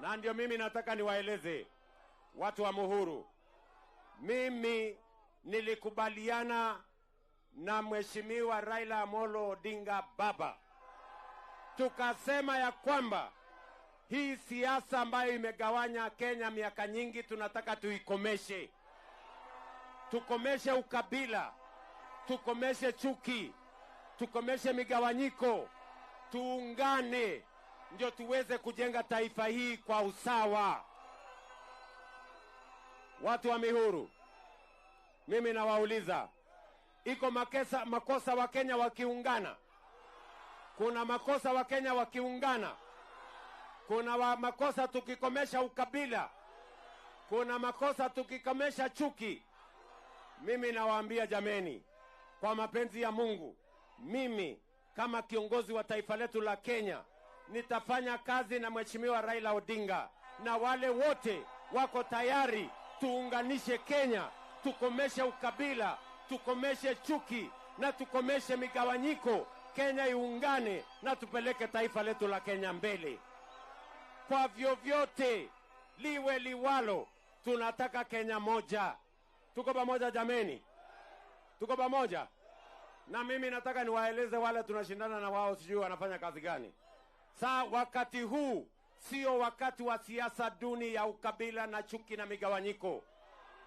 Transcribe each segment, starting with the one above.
na ndio mimi nataka niwaeleze watu wa Muhuru, mimi nilikubaliana na mheshimiwa Raila Amolo Odinga Baba, tukasema ya kwamba hii siasa ambayo imegawanya Kenya miaka nyingi tunataka tuikomeshe, tukomeshe ukabila, tukomeshe chuki, tukomeshe migawanyiko, tuungane ndio tuweze kujenga taifa hii kwa usawa. Watu wa Mihuru, mimi nawauliza, iko makesa, makosa Wakenya wakiungana? Kuna makosa Wakenya wakiungana? Kuna wa makosa tukikomesha ukabila? Kuna makosa tukikomesha chuki? Mimi nawaambia jameni, kwa mapenzi ya Mungu, mimi kama kiongozi wa taifa letu la Kenya nitafanya kazi na Mheshimiwa Raila Odinga na wale wote wako tayari, tuunganishe Kenya, tukomeshe ukabila, tukomeshe chuki na tukomeshe migawanyiko. Kenya iungane na tupeleke taifa letu la Kenya mbele. Kwa vyovyote liwe liwalo, tunataka Kenya moja. Tuko pamoja jameni? Tuko pamoja? Na mimi nataka niwaeleze wale tunashindana na wao, sijui wanafanya kazi gani. Saa wakati huu sio wakati wa siasa duni ya ukabila na chuki na migawanyiko.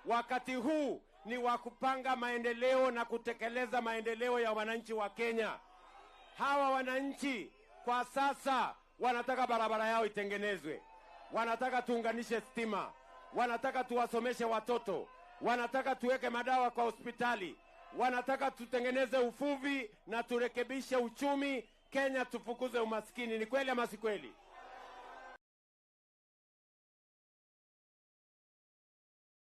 Wakati huu ni wa kupanga maendeleo na kutekeleza maendeleo ya wananchi wa Kenya. Hawa wananchi kwa sasa wanataka barabara yao itengenezwe, wanataka tuunganishe stima, wanataka tuwasomeshe watoto, wanataka tuweke madawa kwa hospitali, wanataka tutengeneze uvuvi na turekebishe uchumi Kenya tufukuze umaskini. Ni kweli ama si kweli?